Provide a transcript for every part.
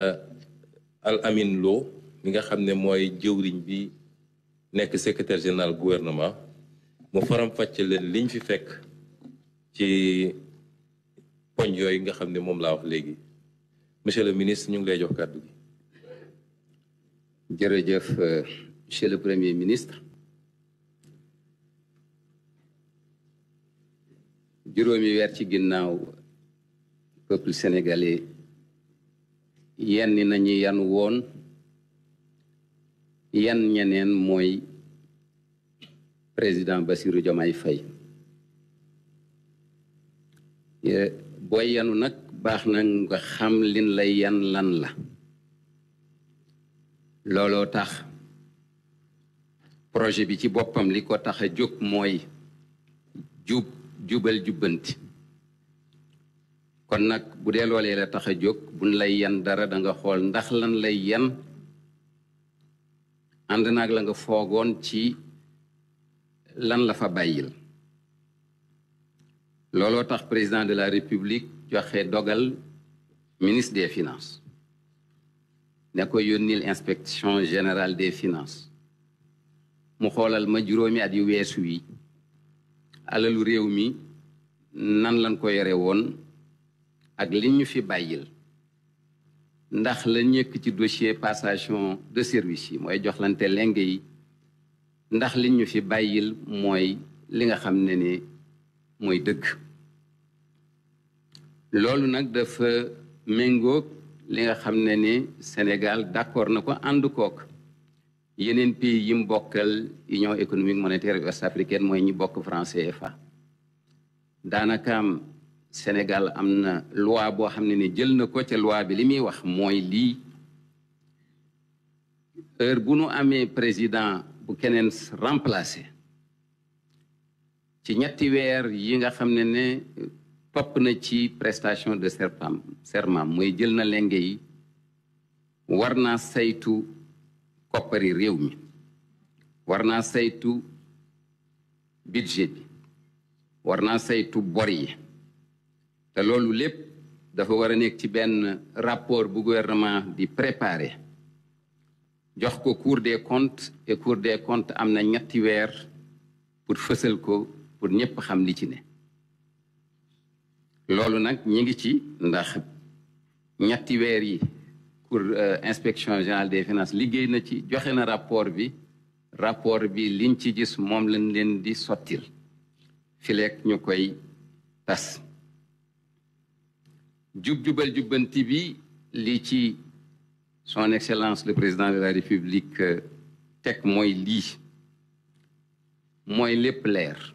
Euh, Al Amin Lo mi nga xam ne mooy jëwriñ bi nekk secretaire général gouvernement mu faram-fàcce leen liñ fi fekk ci poñ yooyu nga xam ne moom la wax léegi monsieur le ministre ñu ngi lay jox kàddu gi. jërëjëf euh, monsieur le premier ministre. juróomi weer ci ginnaaw peuple sénégalais. yenn nañu yan woon yan ñeneen mooy président Bassirou Diomaye Faye booy yanu nag baax na nga xam lin la yan lan la looloo tax projet bi ci boppam li ko tax a jóg mooy jub jubal jubbanti kon nag bu dee loolee la tax a jóg buñ lay yan dara danga xool ndax lan lay yan ànd nag la nga foogoon ci lan la fa bàyyil looloo tax président de la république joxe dogal ministre des finances ne ko yónnil inspection générale des finances mu xoolal ma juróomi at yu weesu wi alalu réew mi nan lan ko yore woon ak li ñu fi bàyyil ndax la ñekk ci dossier passation de service yi mooy joxlante leng yi ndax li ñu fi bàyyil mooy li nga xam ne ni mooy dëkk loolu nag dafa méngook li nga xam ne ni Sénégal d'accord na ko ànd kook yeneen pays yi mu bokkal Union économique monétaire ouest africaine mooy ñi bokk franc CFA daanakaam Sénégal am na loi boo xam ne ni jël na ko ca loi bi li muy wax mooy lii heure bu nu amee président bu keneen remplacé ci ñetti weer yi nga xam ne ne topp na ci prestation de serpam serment mooy jël na lenge yi war naa saytu koppari réew mi war naa saytu budget bi war naa saytu bor yi te loolu lépp dafa war a nekk ci benn rapport bu gouvernement di préparer jox ko cour des comptes et cour des comptes am na ñetti weer pour fësal ko pour ñëpp xam li ci ne loolu nag ñi ngi ci ndax ñetti weer yi cour euh, inspection générale des finances liggéey na ci joxe na rapport bi rapport bi liñ ci gis moom lañ leen di sottil fileek ñu koy tas jub-jubal jubbanti bi lii ci son excellence le président de la république euh, teg mooy lii mooy lépp leer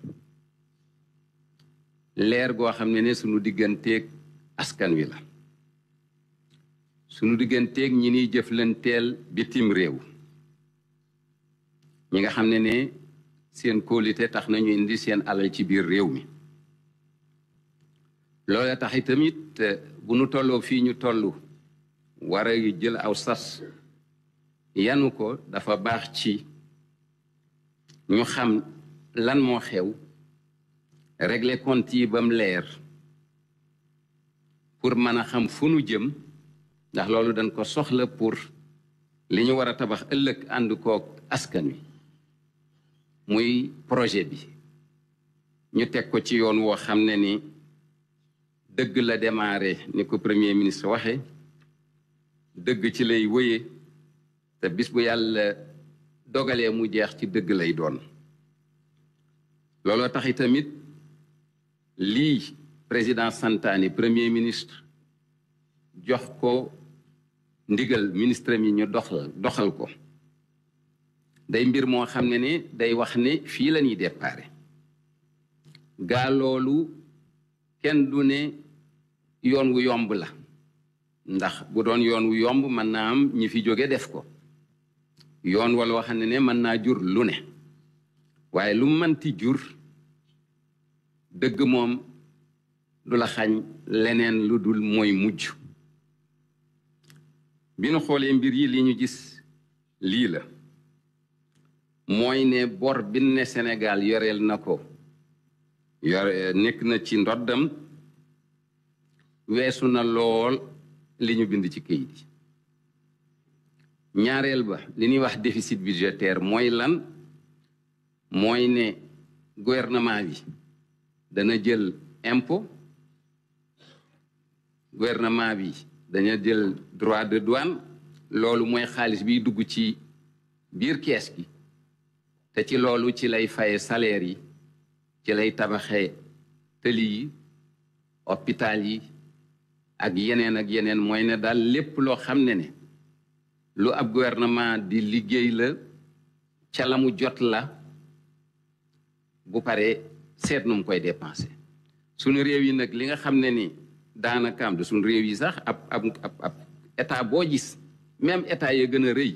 leer goo xam ne ne sunu digganteeg askan wi la sunu digganteeg ñi niy jëflanteel bitim réew ñi nga xam ne ne seen kóolite tax nañu indi seen alal ci biir réew mi loola tax itamit eh, bu nu tolloo fii ñu tollu war a jël aw sas yanu ko dafa baax ci ñu xam lan moo xew régle compte yi ba mu leer pour mën a xam fu nu jëm ndax loolu dañ ko soxla pour li ñu war a tabax ëllëg ànd kook askan wi muy projet bi ñu teg ko ci yoon woo xam ne ni dëgg la démarré ni ko premier ministre waxe dëgg ci lay wéyee te bis bu yàlla dogalee mu jeex ci dëgg lay doon looloo tax tamit lii président santaane premier ministre jox ko ndigal ministre mi ñu doxal doxal ko day mbir moo xam ne ni day wax ne fii la ñuy déparé gaa loolu kenn du ne yoon wu yomb la ndax bu doon yoon wu yomb mën naa am ñi fi jóge def ko yoon walla wax ne ne mën naa jur lu ne waaye lu mënti jur dëgg moom du la xañ leneen lu dul mooy mujj bi nu xoolee mbir yi li ñu gis lii la mooy ne bor bi ne Sénégal yoreel na ko yore nekk na ci ndoddam weesu na lool li ñu bind ci këyit yi ñaareel ba li ñuy wax déficit budgétaire mooy lan mooy ne gouvernement bi dana jël impôt gouvernement bi daña jël droit de douane loolu mooy xaalis biy dugg ci biir kees gi te ci loolu ci lay faye saleer yi ci lay tabaxe tëli yi hôpital yi ak yeneen ak yeneen mooy ne daal lépp loo xam ne ni lu ab gouvernement di liggéey la ca la mu jot la bu paree seet nu mu koy dépensé sunu réew yi nag li nga xam ne ni daanaka am de suñu réew yi sax ab ab ab état boo gis même état ya gën a rëy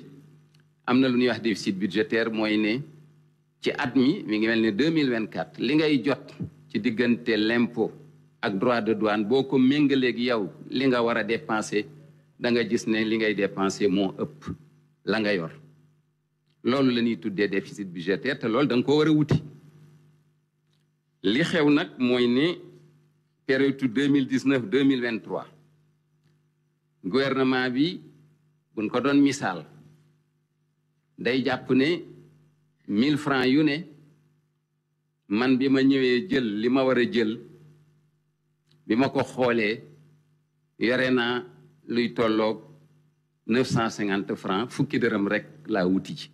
am na lu ñuy wax déficit budgétaire mooy ne ci at mi mu ngi mel ne deux mille vingt quatre li ngay jot ci diggante lempo ak droit de douane boo ko méngaleeg yow li nga war a dépenser da nga gis ne li ngay dépenser moo ëpp la nga yor loolu la ñuy tuddee déficit budgétaire te lool da nga ko war a wuti li xew nag mooy ne période deux mille dix neuf deux mille vingt gouvernement bi buñ ko doon misaal day jàpp ne mille francs yu ne man bi ma ñëwee jël li ma war a jël bi ma ko xoolee yore naa luy tolloog neuf cent cinquante francs fukki dërëm rek laa wuti ji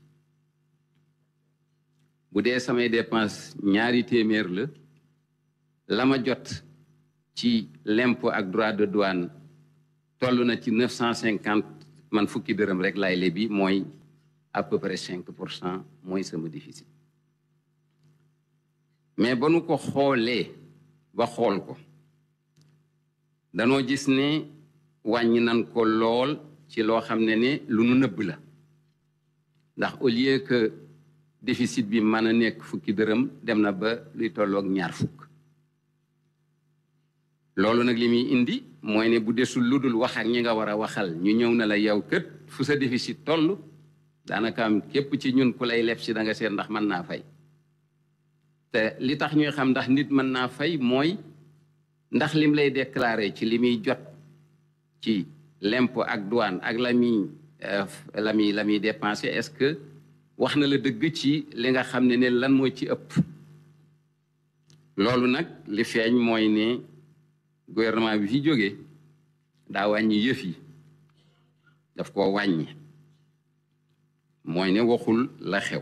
bu dee samay dépense ñaari téeméer la la ma jot ci l'impôt ak droit de douane toll na ci neuf cinquante man fukki dërëm rek laay lebi mooy à près cinq pour cent mooy sama déficit mais ba nu ko xoolee ba xool ko danoo gis ni wàññi nan ko lool ci loo xam ne ni lu nu nëbb la ndax au lieu que déficit bi mën a nekk fukki dërëm dem na ba luy tolloog ñaar fukk loolu nag li muy indi mooy ne bu desul lu dul wax ak ñi nga war a waxal ñu ñëw na la yow kët fu sa déficit toll daanaka am képp ci ñun ku lay leb ci da nga seet ndax mën naa fay te li tax ñuy xam ndax nit mën naa fay mooy ndax lim lay déclaré ci li muy jot ci lemp ak douane ak lami lami euh, la muy la muy dépensé est-ce que wax na la dëgg ci li nga xam ne ne lan moo ci ëpp loolu nag li feeñ mooy ne gouvernement bi fi jóge daa wàññi yëf yi daf ko wàññi mooy ne waxul la xew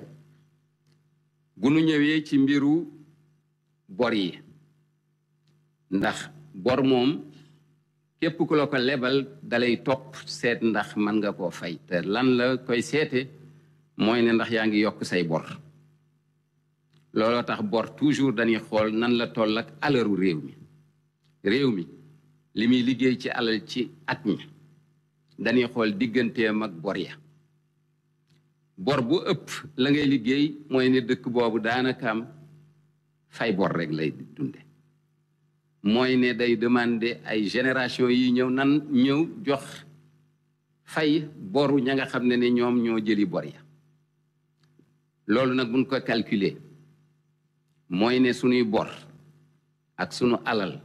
gunu ñëwee ci mbiru bor yi ndax bor moom képp ku la ko lebal dalay topp seet ndax mën nga koo fay te lan la koy seete mooy ne ndax yaa ngi yokk say bor looloo tax bor toujours dañuy xool nan la toll ak alalu réew mi réew mi li muy liggéey ci alal ci at mi dañuy xool digganteem ak bor ya bor bu ëpp la ngay liggéey mooy ne dëkk boobu daanaka am fay bor rek lay dunde mooy ne day demander ay génération yi ñëw nan ñëw jox fay wu ña nga xam ne ne ñoom ñoo jëli bor ya loolu nag buñ ko calculer mooy ne suñuy bor ak sunu alal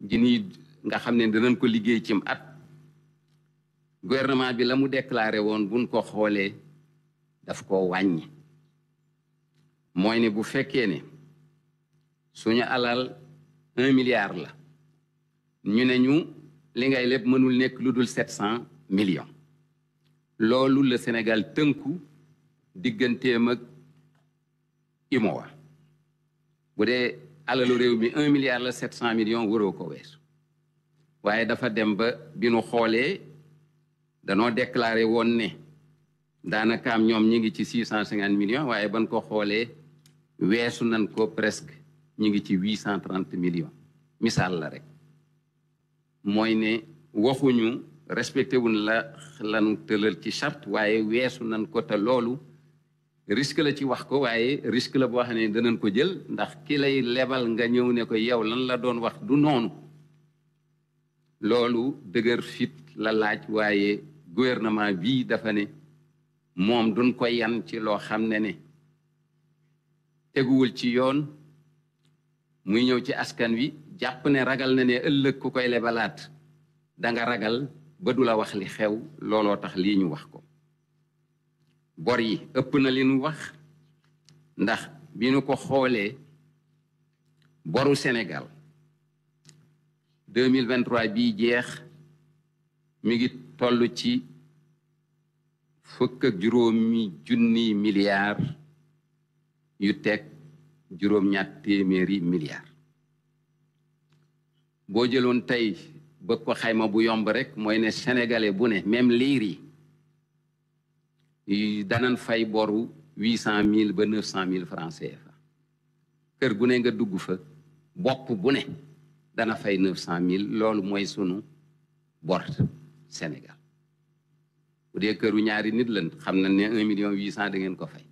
ji nii nga xam ne danañ ko liggéey cim at gouvernement bi la mu déclaré woon buñ ko xoolee daf ko wàññi mooy ne bu fekkee ne suñu alal un milliard la ñu ne ñu li ngay lépp mënul nekk lu dul sept cent millions loolu la Sénégal tënku digganteem ak UMOA bu dee alalu réew mi un milliard la sept cent millions waroo ko weesu waaye dafa dem ba bi nu xoolee danoo déclaré woon ne am ñoom ñi ngi ci six cent cinquante millions waaye ban ko xoolee weesu nan ko presque ñu ngi ci huit cent trente millions misaal la rek mooy ne waxuñu respecté wuñ la lanu tëlal ci charte waaye weesu nañ ko te loolu risque la ci wax ko waaye risque la boo xam ne danañ ko jël ndax ki lay lebal nga ñëw ne ko yow lan la doon wax du noonu loolu dëgër fit la laaj waaye gouvernement bii dafa ne moom duñ ko yan ci loo xam ne ne teguwul ci yoon muy ñëw ci askan wi jàpp ne ragal na ne ëllëg ku koy lebalaat danga ragal ba du la wax li xew looloo tax lii ñu wax ko bor yi ëpp na li ñu wax ndax bi ñu ko xoolee boru Sénégal 2023 bii jeex mi ngi toll ci fukk ak juróomi junni milliards yu teg juróom-ñaar téeméeri milliards boo jëloon tey bëgg ko xayma bu yomb rek mooy ne sénégalais bu ne même liir yi danan fay boru huit cent mille ba neuf cent mille francs CFA kër gu ne nga dugg fa bopp bu ne dana fay neuf cent mille loolu mooy sunu bor Sénégal bu dee këru ñaari nit lañ xam na ne un million huit cent da ngeen ko fay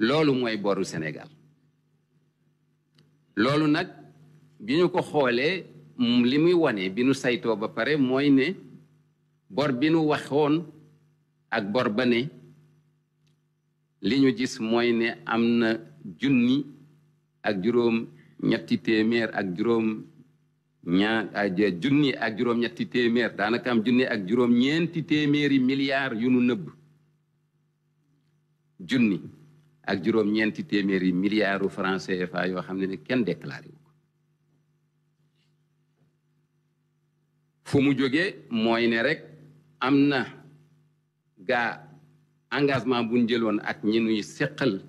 loolu mooy boru Sénégal loolu nag bi ñu ko xoolee li muy wane bi nu saytoo ba pare mooy ne bor bi nu waxoon ak bor ba ne li ñu gis mooy ne am na junni ak juróom ñetti téeméer ak juróom ñaar junni ak juróom ñetti téeméer daanaka am junni ak yu nu nëbb junni ak juróom-ñeenti téeméeri milliards francs CFA yoo xam ne ne kenn déclaré ko fu mu jóge mooy ne rek am na gaa engagement bu jëloon ak ñi nuy seqal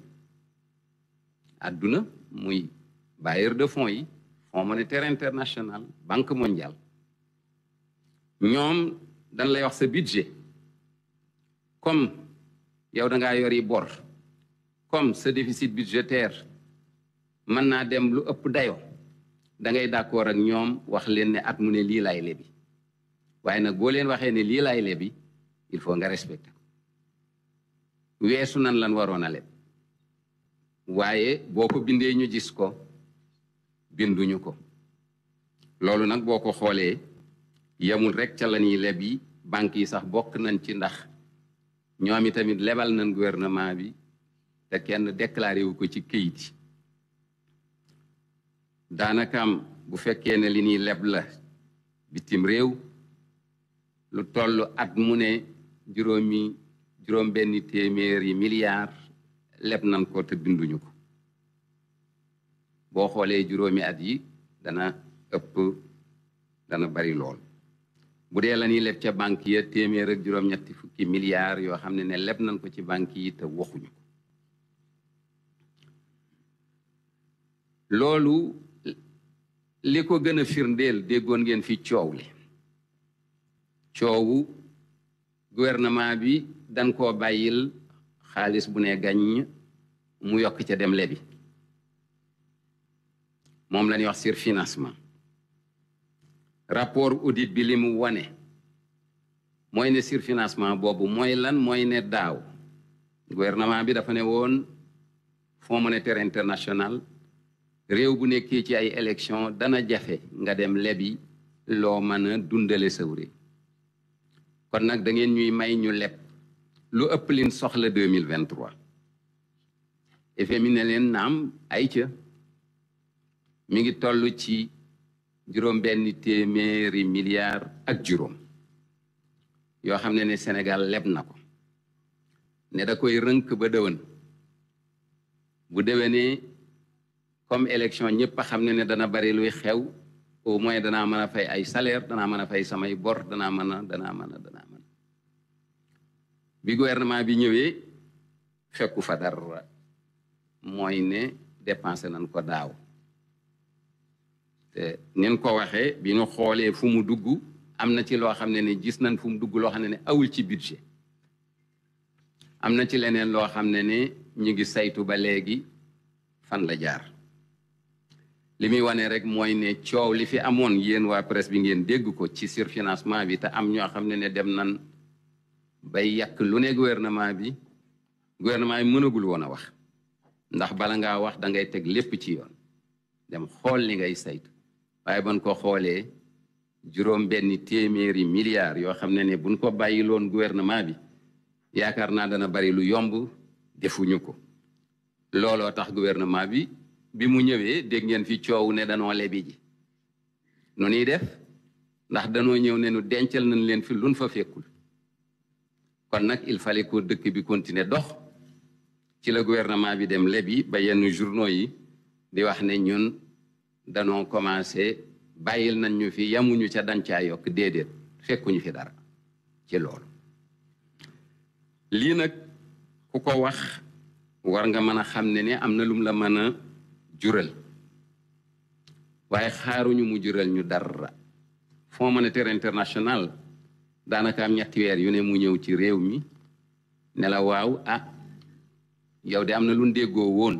àdduna muy bailleur de fonds yi Fonds monétaire international Banque mondiale ñoom dañ lay wax sa budget comme yow danga ngaa bor comme ce déficit budgétaire mën naa dem lu ëpp dayoo da ngay d'accord ak ñoom wax leen ne at mu ne lii laay lebi waaye nag boo leen waxee ne lii laay lebi il faut nga respecter weesu nan lan waroon a leb waaye boo ko bindee ñu gis ko binduñu ko loolu nag boo ko xoolee yemul rek ca la ñuy leb yi banques yi sax bokk nañ ci ndax ñoom tamit lebal nañ gouvernement bi te kenn déclaré wu ko ci këyit yi daanakaam bu fekkee ne li ñuy leb la bitim réew lu toll at mu ne juróomi juróom benni téeméeri milliards leb nan ko te dunduñu ko boo xoolee juróomi at yi dana ëpp dana bari lool bu dee la nuy leb ca banque ya téeméer ak juróom-ñetti fukki milliards yoo xam ne ne leb nan ko ci banque yi te waxuñu ko loolu li ko gën a firndeel déggoon ngeen fi coow li coowu gouvernement bi dañ koo bàyyil xaalis bu ne gàññ mu yokk ca dem lebi moom la ñuy wax surfinancement rapport audit bi li mu wane mooy ne surfinancement boobu mooy lan mooy ne daaw gouvernement bi dafa ne woon Fonds monétaire international réew bu nekkee ci ay élection dana jafe nga dem lebi loo mën dundale sawré kon nag dangeen ñuy may ñu leb lu ëpp lin soxla 2023 FMI ne leen naam ay ca mi ngi toll ci juróom benn téeméeri milliards ak juróom yoo xam ne ne Sénégal leb na ko ne da koy rënk ba dëwën bu déwénee comme élection ñëpp a xam ne ne dana bari luy xew au moins danaa mën a fay ay salaire danaa mën a fay samay bor danaa mën a danaa mën a danaa mën bi gouvernement bi ñëwee fekku fa dara mooy ne dépensé nañ ko daaw te nin ko waxee bi ñu xoolee fu mu dugg am na ci loo xam ne ne gis nañ fu mu dugg loo xam ne ne awul ci budget am na ci leneen loo xam ne ne ñu ngi saytu ba léegi fan la jaar li muy wane rek mooy ne coow li fi amoon yéen waa presse bi ngeen dégg ko ci surfinancement bi te am ñoo xam ne ne dem nan bay yàq lu ne gouvernement bi gouvernement bi mënagul woon a wax ndax bala ngaa wax da ngay teg lépp ci yoon dem xool li ngay saytu waaye ban ko xoolee juróom benn téeméeri milliards yoo xam ne ne buñ ko bàyyi loon gouvernement bi yaakaar naa dana bari lu yomb defuñu ko looloo tax gouvernement bi bi mu ñëwee dégg ngeen fi coow ne danoo lebi ji nu ñuy def ndax danoo ñëw ne nu dencal nañ leen fi luñ fa fekkul kon nag il fallait que dëkk bi continuer dox ci la gouvernement bi dem lebi ba yenn journaux yi di wax ne ñun danoo commencé bàyyil nañ ñu fi yamuñu ca dañ caa yokk déedéet fekkuñu fi dara ci loolu lii nag ku ko wax war nga mën a xam ne ne am na lum la mën a jural waaye xaaruñu mu jural ñu dara Fonds monétaire international daanaka am ñetti weer yu ne mu ñëw ci réew mi ne la waaw a ah, yow de am na lu déggoo woon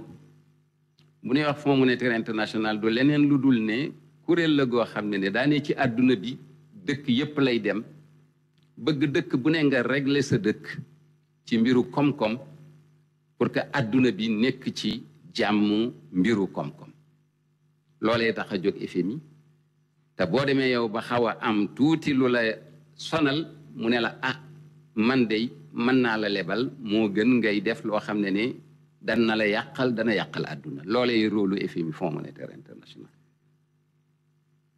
mu ne wax Fonds monétaire international du leneen lu dul ne kuréel la goo xam ne ne daanee ci àdduna bi dëkk yépp lay dem bëgg dëkk bu ne nga régler sa dëkk ci mbiru koom-koom pour que àdduna bi nekk ci jàmm mbiru koom-koom loolee tax a jóg FMI te boo demee yow ba xaw a am tuuti lu la sonal mu ne la ah man dey mën naa la lebal moo gën ngay def loo xam ne ne dan na la yàqal dana yàqal àdduna loolee rôle FMI Fonds monétaire international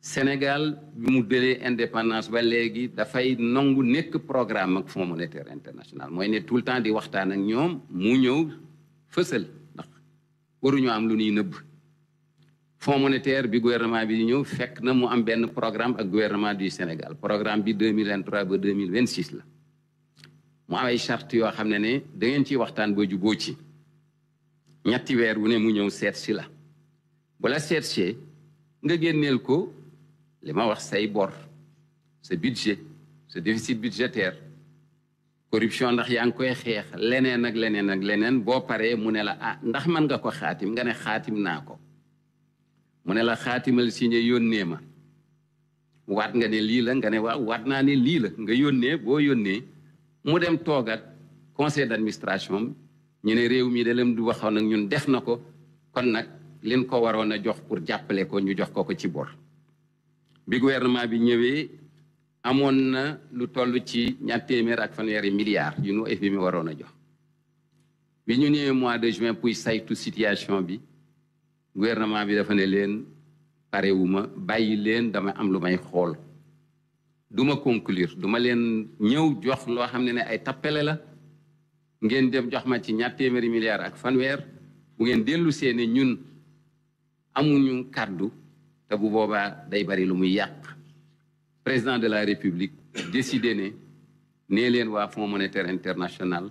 Sénégal bi mu délee indépendance ba léegi dafay nangu nekk programme ak Fonds monétaire international mooy ne tout le temps di waxtaan ak ñoom mu ñëw fësal waruñoo am lu ñuy nëbb fonds monétaire bi gouvernement bi di ñëw fekk na mu am benn programme ak gouvernement du Sénégal programme bi 2023 ba 2026 la mu am ay charte yoo xam ne ne da ngeen ciy waxtaan ba juboo ci ñetti weer wu ne mu ñëw seet si la bu la seet see nga génneel ko li ma wax say bor sa budget sa déficit budgétaire corruption ndax yaa nga koy xeex leneen ak leneen ak leneen boo paree mu ne la ah ndax mën nga ko xaatim nga ne xaatim naa ko mu ne la xaatimal siñe yónnee ma waat nga ne lii la nga ne waaw waat naa ne lii la nga yónnee boo yónnee mu dem toog ak conseil d'administration ñu ne réew mi dalem du waxoon ak ñun def na ko kon nag leen ko waroon a jox pour jàppale ko ñu jox ko ko ci bor bi gouvernement bi ñëwee amoon na lu toll ci ñaar téeméer ak fanweeri milliards yu nu FMI waroon a jox bi ñu ñëwee mois de juin pour saytu situation bi gouvernement bi dafa ne leen parewuma bàyyi leen dama am lu may xool duma conclure duma leen ñëw jox loo xam ne ne ay tappale la ngeen dem jox ma ci ñaar téeméeri milliards ak fanweer bu ngeen dellu seeni ñun amuñu kàddu te bu boobaa day bari lu muy yàq président de la république décidé ne nee leen waa fonds monétaire international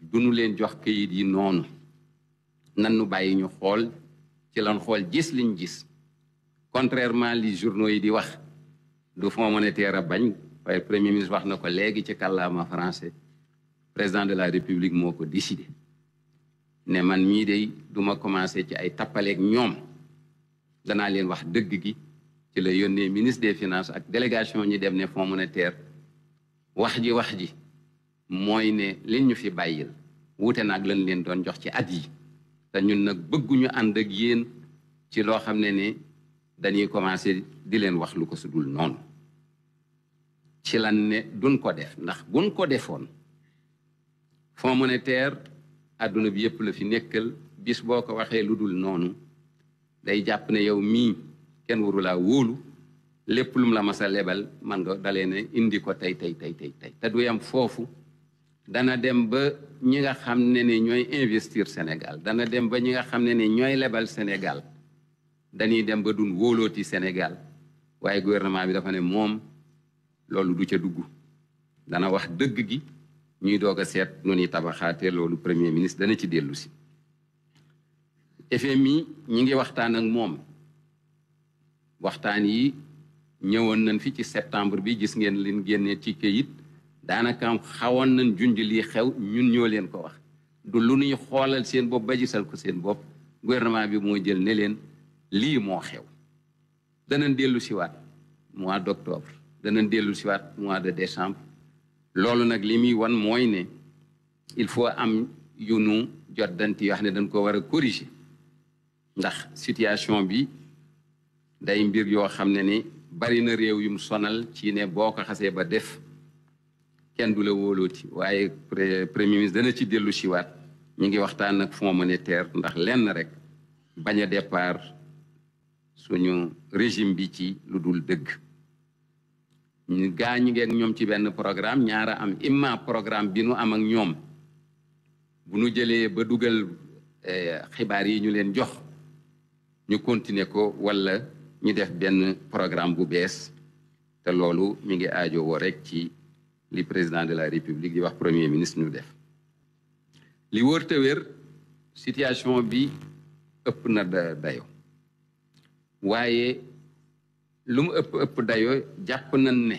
du nu leen jox kayit yi noonu nan nu bàyyi ñu xool ci lan xool gis liñ gis contrairement li journaux yi di wax du fonds monétaire a bañ waaye premier ministre wax na ko léegi ci kàllaama français président de la république moo ko décidé ne man mii de duma commencé ci ay tappaleek ñoom danaa leen wax dëgg gi ci la yónnee ministre des finance ak délégation ñi dem ne fonds monétaire wax ji wax ji mooy ne leen ñu fi bàyyil wuute nag lañ leen doon jox ci at yi te ñun nag bëgguñu ànd ak yéen ci loo xam ne ni dañuy commencé di leen wax lu ko su dul noonu ci lan ne duñ ko def ndax buñ ko defoon fonds monétaire àdduna bi yëpp la fi nekkal bis boo ko waxee lu dul noonu day jàpp ne yow mii kenn waru laa wóolu lépp lu la mas a lebal man nga dalee ne indi ko tey tey tey tey tey te du yam foofu dana dem ba ñi nga xam ne ni ñooy investir Sénégal dana dem ba ñi nga xam ne ni ñooy lebal Sénégal dañuy dem ba dun wóolooti Sénégal waaye gouvernement bi dafa ne moom loolu du ca dugg dana wax dëgg gi ñuy doog a seet nu ñuy tabaxaatee loolu premier ministre dana ci dellusi si FMI ñi ngi waxtaan ak moom waxtaan yi ñëwoon nañ fi ci septembre bi gis ngeen leen génne ci këyit daanaka xawoon nañ junj lii xew ñun ñoo leen ko wax du lu ñuy xoolal seen bopp ba gisal ko seen bopp gouvernement bi moo jël ne leen lii moo xew danañ dellu siwaat mois d' octobre danañ dellu siwaat mois de décembre loolu nag li muy wan mooy ne il faut am yu nu jot danti yoo xam ne dañ ko war a corriger ndax situation bi day mbir yoo xam ne ni bari na réew yum sonal ci ne boo ko xasee ba def kenn du la wóolooti waaye premier ministre dana ci dellu siwaat ñu ngi waxtaan ak fonds monétaire ndax lenn rek bañ a départ suñu régime bi ci lu dul dëgg ñu gaa ñu ngeeg ñoom ci benn programme ñaara am imma programme bi nu am ak ñoom bu nu jëlee ba dugal eh, xibaar yi ñu leen jox ñu continuer ko walla ñu def benn programme bu bees te loolu mu ngi aajowoo rek ci li président de la république di wax premier ministre ñu def li wóor wér situation bi ëpp na dayo waaye lu mu ëpp ëpp dayo jàpp nañ ne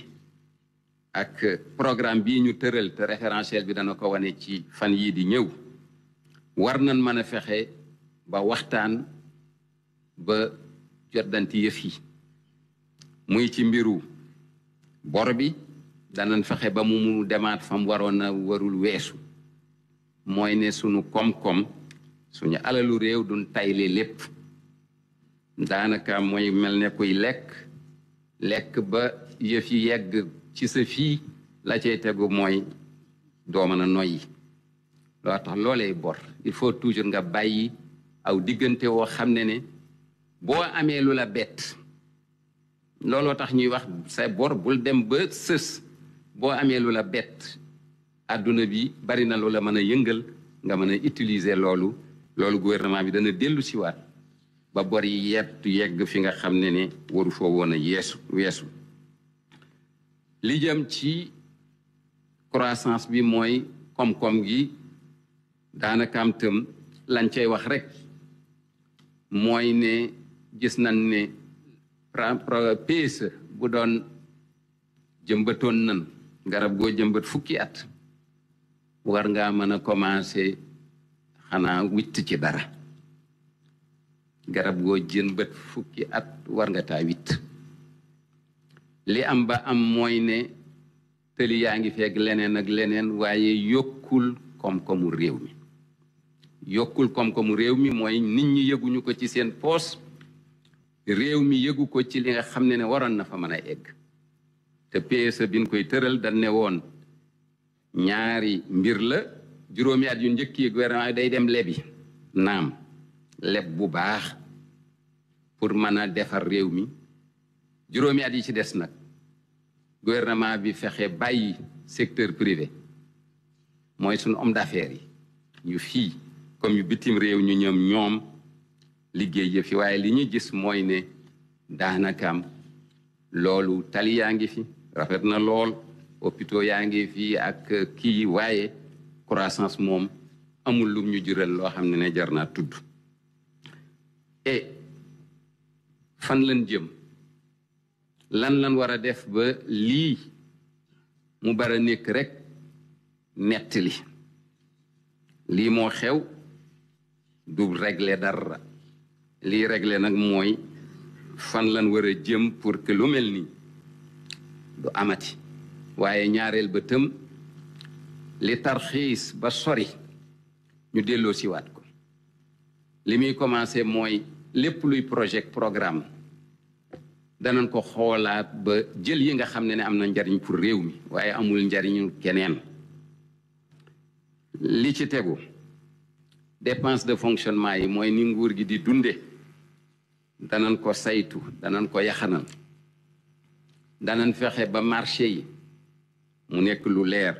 ak programme bi ñu tëral te référentiel bi dana ko wane ci fan yii di ñëw war nañ mën a fexe ba waxtaan ba perdanti yëf yi muy ci mbiru bor bi danañ fexe ba mu mu demaat fam waroon a warul weesu mooy ne sunu koom-koom suñu alalu réew duñ tayle lépp daanaka mooy mel ne kuy lekk lekk ba yëf yi yegg ci sa fii la cay tegu mooy doo mën a noyyi loo tax loolee bor il faut toujours nga bàyyi aw diggante woo xam ne ne boo amee lu la bett looloo tax ñuy wax sa bor bul dem ba sës boo amee lu la bett àdduna bi bari na lu la mën a yëngal nga mën a utiliser loolu loolu guvernement bi dana dellu siwaat ba bor yi yettu yegg fi nga xam ne ne waru foo woon a yeesu weesu li jëm ci croissance bi mooy koom-koom gi daanakaam tëm lañ cay wax rek mooy ne gis nañ ne PSE bu doon jëmbatoon nan garab goo jëmbat fukki at war ngaa mën a commencé xanaa witt ci dara garab goo jëmbat fukki at war nga taa witt li am ba am mooy ne tëli yaa ngi fekk leneen ak leneen waaye yokkul koom-koomu réew mi yokkul koom-koomu réew mi mooy nit ñi yëguñu ko ci seen poos réew mi yëgu ko ci li nga xam ne ne waroon na fa mën a egg te PSE bi ñu koy tëral da ne woon ñaari mbir la juróomi yu njëkk yi gouvernement day dem lebi naam leb bu baax pour mën a defar réew mi juróomi at yi ci des nag gouvernement bi fexe bàyyi secteur privé mooy sunu homme d'affaires yi ñu fii comme yu bitim réew ñu ñoom ñoom liggéey yëf yi waaye li ñu gis mooy ne daanakam loolu tali yaa ngi fi rafet na lool hôpitaux yaa ngi fi ak kii waaye croissance moom amul lum ñu jural loo xam ne ne jar naa tudd e fan lan jëm lan lan war a def ba lii mu bara nekk rek nettali lii moo xew du régler dara lii réglé nag mooy fan lan war a jëm pour que lu mel nii lu amati waaye ñaareel ba tëm li tarxiis ba sori ñu delloo siwaat ko li muy commencé mooy lépp luy projet programme danañ ko xoolaat ba jël yi nga xam ne ne am na njariñ pour réew mi waaye amul njariñu keneen li ci tegu dépense de fonctionnement yi mooy ni nguur gi di dunde danañ ko saytu danañ ko yaxanal danañ fexe ba marché yi mu nekk lu leer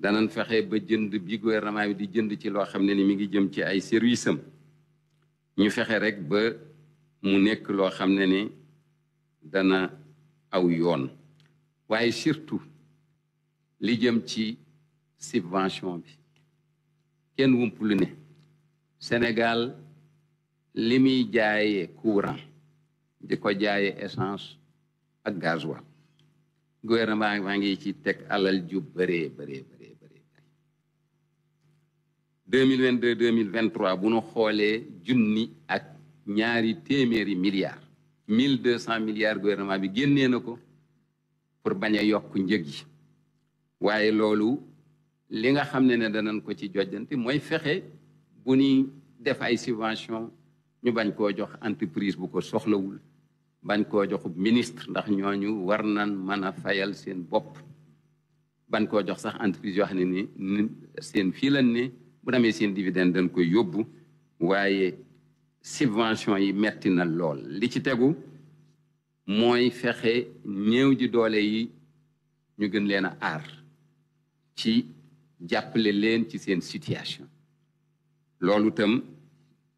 danañ fexe ba jënd bi gouvernement bi di jënd ci loo xam ne ni mu ngi jëm ci ay service ñu fexe rek ba mu nekk loo xam ne ni dana aw yoon waaye surtout li jëm ci subvention bi kenn wump lu ne Sénégal li muy jaaye courant di ko jaaye essence ak gasoil gouvernement maa ngi ci teg alal ju bëree bëree bëree bëree deux mille vingt bu nu xoolee junni ak ñaari téeméeri milliards mille deux cent milliards gouvernement bi génnee na ko pour bañ a yokk njëg yi waaye loolu li nga xam ne ne danañ ko ci jojjante mooy fexe bu ñuy def ay subvention ñu bañ koo jox entreprise bu ko soxlawul bañ koo joxu ministre ndax ñoo ñu war nan mën a fayal seen bopp bañ koo jox sax entreprise yoo xam ne ni seen fii lan ne bu demee seen dividende dañ koy yóbbu waaye subvention yi metti na lool li ci tegu mooy fexe néew ji doole yi ñu gën leen a aar ci jàppale leen ci seen situation loolu tam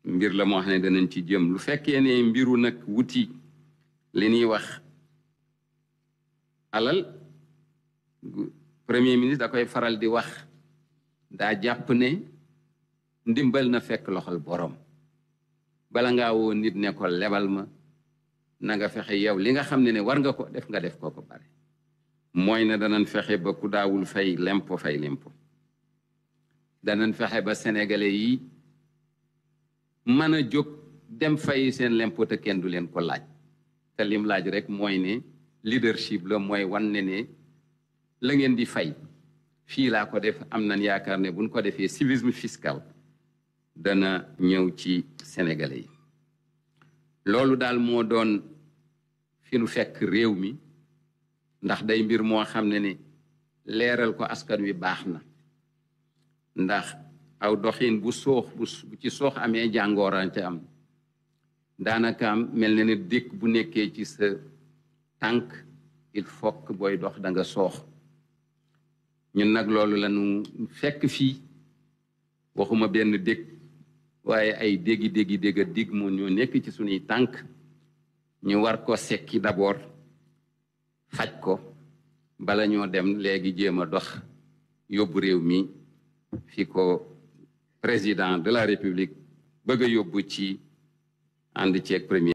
mbir la moo xam ne danañ ci jëm lu fekkee ne mbiru nag wuti li ñuy wax alal premier ministre da koy faral di wax daa jàpp ne ndimbal na fekk loxol boroom bala nga woo nit ne ko lebal ma nanga fexe yow li nga xam ne ne war nga ko def nga def ko ko bare mooy ne danañ fexe ba ku daawul fay lempo fay lempo danañ fexe ba sénégalais yi mën a jóg dem fay seen l'impôt kenn du leen ko laaj te lim laaj rek mooy ne leadership la mooy wan ne ne la ngeen di fay fii laa ko def am na yaakaar ne buñ ko defee civisme fiscal dana ñëw ci sénégalais yi loolu daal moo doon fi nu fekk réew mi ndax day mbir moo xam ne ne leeral ko askan wi baax na ndax aw doxin bu soox bu ci soox amee jàngooran ca am daanaka am mel na ne dëkk bu nekkee ci sa tànk il faut booy dox danga soox ñun nag loolu lañu fekk fii waxuma benn dëkk waaye ay déggi déggi dégga digg moo ñoo nekk ci suñuy tànk ñu war ko sekki d'abord xaj ko bala ñoo dem léegi jéem a dox yóbbu réew mi fi ko président de la république bëgg a yóbbu ci ànd ceeg